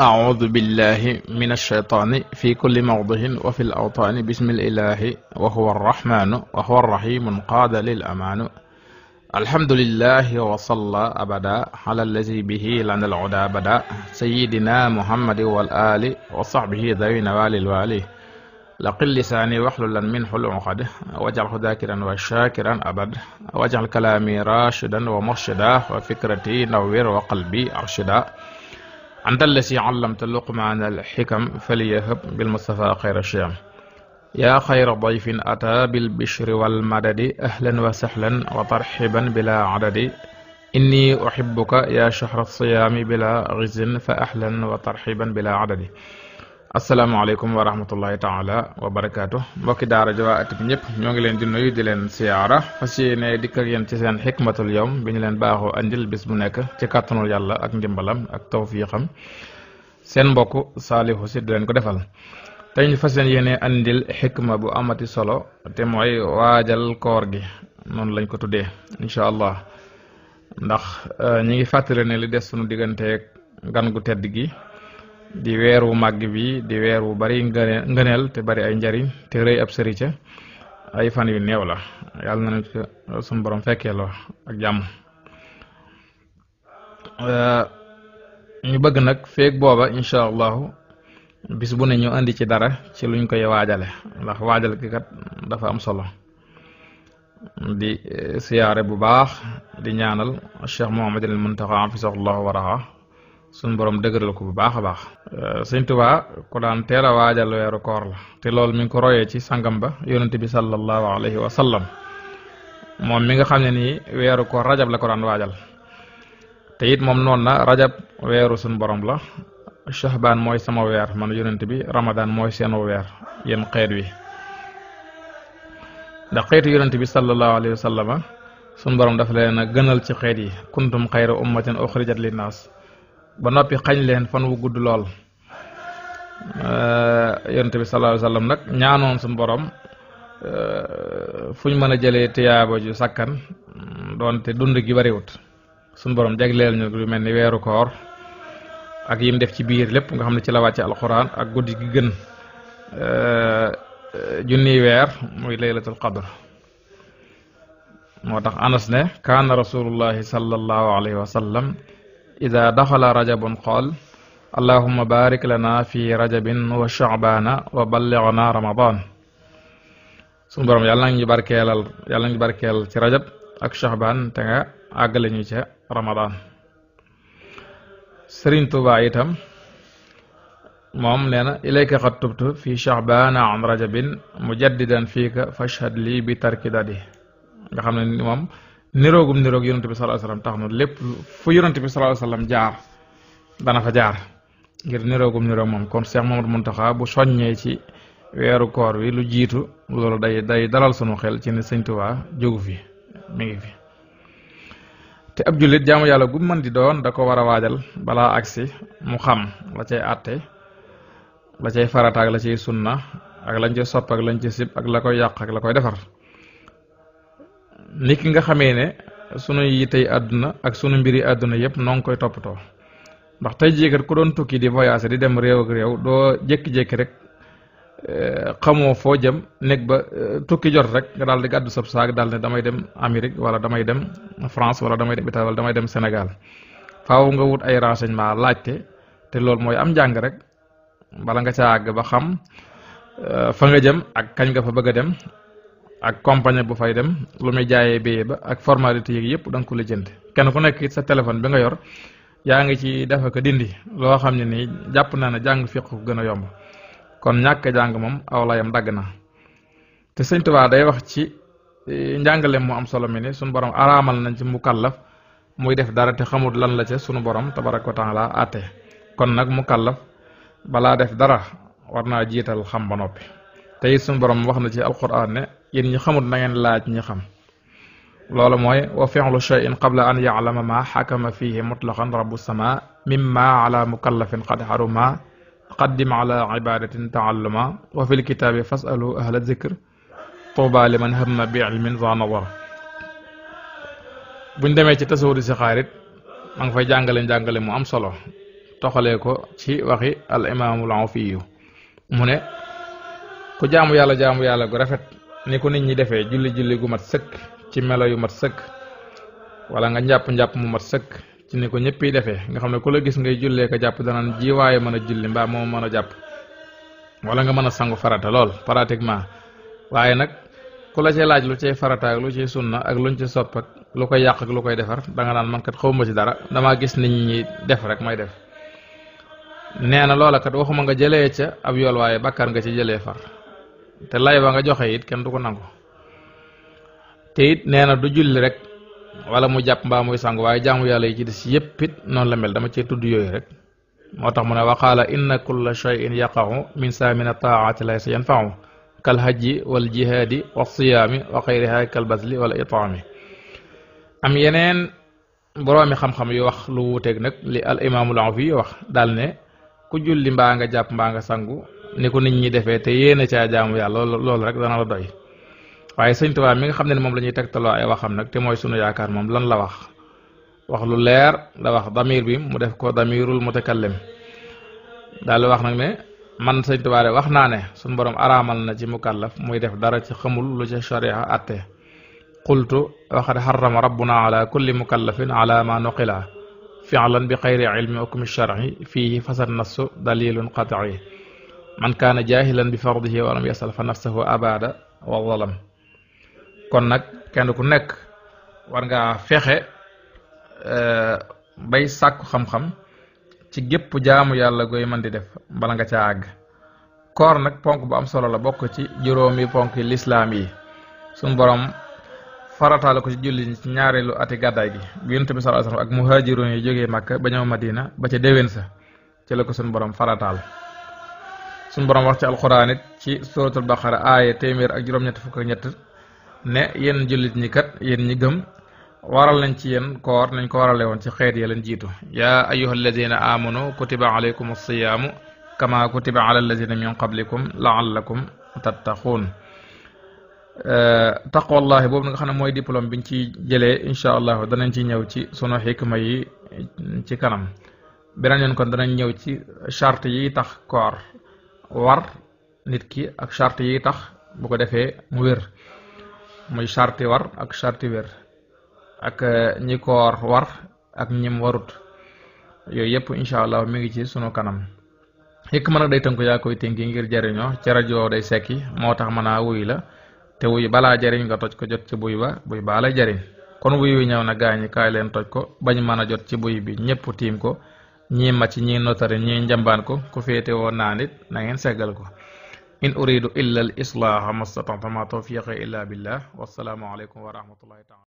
أعوذ بالله من الشيطان في كل موضع وفي الأوطان بسم الإله وهو الرحمن وهو الرحيم قاد للأمان الحمد لله وصلى أبدا على الذي به لنا العدا بدا سيدنا محمد والآل وصحبه ذوي نوال الوالي laqil lisaani waxlulan min xul uqad wajalhu dakiran wa shakiran abad wajal kalaami rashidan wa murshida wa fikrati nawwir wa qalbi arshida anta allasi allamta luqmaana alxikam falyahab bilmustafa xayra shiyam yaa xayra dayfin ata bilbishri walmadadi ahlan wa sahlan wa tarxiban bila adadi inni uxibuka yaa shahra siyaami bila gizin fa ahlan wa tarxiban bila adadi asalaamaaleykum wa rahmatullahi taala wa barakaatu mbokki daara ji waa at bi ñëpp ñoo ngi leen di nuyu di leen siyaara fas yéene dikk ak yéen ci seen xikmatul yawm bi ñu leen baaxoo andil bis bu nekk ci kàttanul yàlla ak ndimbalam ak tawfiixam seen mbokk saalihu si di leen ko defal tey ñu fas yéene andil xikma bu amati solo te mooy waajal koor gi noonu lañ ko tuddee incha allah ndax euh, ñi ngi fàttali ne li des sunu digganteeg gan gu tedd gi di weer wu màgg bi di weer wu bari ngëneel te bari ay njariñ te rëy ab sëri ca ay fan yu neew la yàlla na ne suñu borom fekkee la ak jàmm ñu bëgg nag feeg booba incha allahu bis bu ne ñu indi ci dara ci luñ koy waajale ndax waajal ki kat dafa am solo di e, siyaare bu baax di ñaanal Cheikh Mouhamadul Muntaxa fi sax allahu waraxa suñ boroom dëgëral ko bu baax a baax euh, sëñ Tuubaa ko daan teel a waajal weeru koor la te loolu mi ngi ko royee ci sàngam ba yonente bi sallallahu alayhi wa sallam moom mi nga xam ne nii weeru koor rajab la ko daan waajal te it moom noonu na rajab weeru suñ borom la shahbaan mooy sama weer man yonent bi ramadaan mooy seenu weer yéen xeet wi ndax xeetu yonent bi sallallahu alayhi wa sallama suñ borom dafa leen a gënal ci xeet yi kuntum xayra ummatin uxrijat linnaas ba noppi xañ leen fan wu gudd lool euh, yonent bi sallallahu alayhi wa nag ñaanoon suñu borom euh, fu ñu mën a jëlee tiyaaba ju sakkan doonte dund gi bariwut suñu borom jagleel ñu lu mel ni weeru koor ak yim def ci biir lépp nga xam ne ci la wàcce alxuraan ak guddi gi gën euh, junniy weer muy laylatul qadr moo tax anas ne kaana rasulullahi sallallahu alayhi wa sallam ida daxala rajabun qaal allahuma barik lana fi rajabin wa chaabana wa balligna ramadan suñu borom barkeel ci rajab ak chaabaan te nga ca ramadan sëriñ tuba itam moom nee na ilayka xad fi chaabana an rajabin mujaddidan fashhad lii bi tarkidadi nga xam ne moom niroogum niroog yonante bi sallallahu alayhi wasallam tax na lépp fu yonante bi sallallahu alayhi wasallam jaar dana fa jaar ngir niroogum niroog moom kon Cheikh Mamadou Mountakha bu soññee ci weeru koor bi lu jiitu loolu day day dalal sunu xel ci ne Sëñ Tuubaa jógu fi mu ngi fi te ab jullit jaamu yàlla gu mën di doon da ko war a waajal balaa agsi mu xam la cay àtte la cay farataak la cay sunna ak lañ cay sopp ak lañ ca sib ak la koy yàq ak la koy defar ni ki nga xamee ne sunu yitey àdduna ak sunu mbiri àdduna yëpp noo ngi koy toppatoo ndax tey jii kat ku doon tukki di voyager di dem réew ak réew doo jékki-jékki rek eh, xamoo foo jëm néeg ba eh, tukki jot rek nga daal di gàddu sab saag daal ne damay dem Amérique wala damay dem France wala damay dem Italie wala damay dem Sénégal faw nga wut ay renseignement laajte te loolu mooy am njàng rek bala nga ca àgg ba xam eh, fa nga jëm ak kañ nga fa bëgg a dem ak compagnie bu fay dem lu muy jaayee billet ba ak formalité yi yëpp da ko lijjanti kenn ku nekk sa téléphone bi nga yor yaa ngi ci defa ko dindi loo xam ne nii jàpp naa ne jàng fiq ko gën a yomb kon ñàkk jàng moom awla layam dagg na te sëñ Tuubaa day wax ci e, njàngaleem mu am solo mi ni sunu borom araamal nañ ci mukallaf muy def dara te xamul lan la ca sunu borom tabaraka wa taala àtte kon nag mukallaf balaa def dara war naa jiital xam ba noppi yéen ñu xamut na ngeen laaj ñu xam loolu mooy wa fi'lu shay'in qabla an ya'lama ma xakama fihi mutlaqan rabbu sama mimma ala mukallafin qad haruma qaddim ala ibadatin taalluma wa fil kitaabi fasalu ahla zikr tuuba liman hamma bi ilmin za nawar buñ demee ci tasawudi si xaarit ma nga fay jàngale njàngale mu am solo toxalee ko ci waxi al imaamul awfiyu mu ne ku jaamu yàlla jaamu yàlla gu rafet ni ko nit ñi defee julli julli gu mat sëkk ci melo yu mat sëkk wala nga njàpp njàpp mu mat sëkk ci ni ko ñëpp yi defee nga xam ne ku la gis ngay jullee ko jàpp danaan ji mën a julli mbaa moo mën a jàpp wala nga mën a sangu farata lool pratiquement waaye nag ku la laaj lu cee farata ak lu cee sunna ak luñ ci sopp ak lu koy yàq ak lu koy defar danga naan man kat xawma ci dara damaa gis nit ñi def rek may def nee na loola kat waxuma nga jëlee ca ab yool waaye bàkkaar nga ci jëlee far te lay wa nga joxe it kenn du ko nangu te it nee na du julli rek walla mu jàpp mbaa muy sangu waaye jaamu yàlla yi ci des yépp it noonu la mel dama cee tudd yooyu rek moo tax mu ne waqaala inna kulla cheyin yaqahu min saamina taati laysa yanfahu kal hajji wal jihaadi wa siyaami wa xayriha kal basli wal itaami am yeneen boroomi xam-xam yu wax lu wuuteeg nag li al imaamul Awfi wax dal ne ku julli mbaa nga jàpp mbaa nga sangu ni ko nit ñi defee te yéene caa jaamu yàlla loolu loolu rek dana la doy waaye sëñ mi nga xam ne moom la ñuy tegtaloo ay waxam nag te mooy sunu yaakaar moom lan la wax wax lu leer la wax damir bi mu def ko damirul mutakallim daal wax nag ne man sëñ Tuubaa de wax naa ne su borom araamal na ci mukallaf muy def dara ci xamul lu ci sharia atte qultu waxad xarama rabbuna ala kulli mukallafin ala ma nuqila fi'lan bi xayri ilmi hukmi shar'i fiihi fasad nassu dalilun man kaana jaahilan bi fardihi wa lam yasal fa nafsahu abada wa zalam kon nag kenn ku nekk war ngaa fexe eh, bay sàkku xam-xam ci gépp jaamu yàlla goy mën di def bala nga ca àgg koor nag ponk bu am solo la bokk ci juróomi ponk yi lislaam yi suñ borom farataale ko ci julli ci ñaareelu ati gàddaay gi bi yonent bi sallallahu ak muhaajiroon yi jógee màkk ba ñëw Madina ba ca déwén sa ci la ko suñ borom farataal suñu borom wax ci alxuraan it ci suratul baqara aaya téeméer ak juróom-ñett fukk ak ñett ne yéen jullit ñi kat yéen ñi gëm waral nañ ci yéen koor nañ ko warale woon ci xeet ya leen jiitu yaa ayyuha alladina amanu kutiba alaykum alsiyaamu kama kutiba ala alladina min qablikum laallakum tattaquun taqwallahi boobu nga xam ne mooy diplôme biñ ci jëlee incha allah danañ ci ñëw ci sunu xikma yi ci kanam beneen yoon kon danañ ñëw ci charte yi tax koor war nit ki ak charte yi tax bu ko defee mu wér muy charte war ak charte wér ak eh, ñi koor war ak ñim warut yooyu yëpp incha allah mi ngi ci sunu kanam xikk man a day tënk yaa koy tënki ngir jariñoo ci rajo day sekki moo tax mën a wuy la te wuy balaa jariñ nga toj ko jot ci buy ba buy baa la jariñ kon wuy wi ñëw na gaañi kaay leen toj ko bañ mën a jot ci buy bi ñëpp tiim ko ñii màcc ñii notari ñii njambaan ko ku féete woo naan it na ngeen seggal ko in uridu illa al islaaha mastata'tu ma tawfiqi illa billah wassalaamu aleykum wa rahmatullahi taala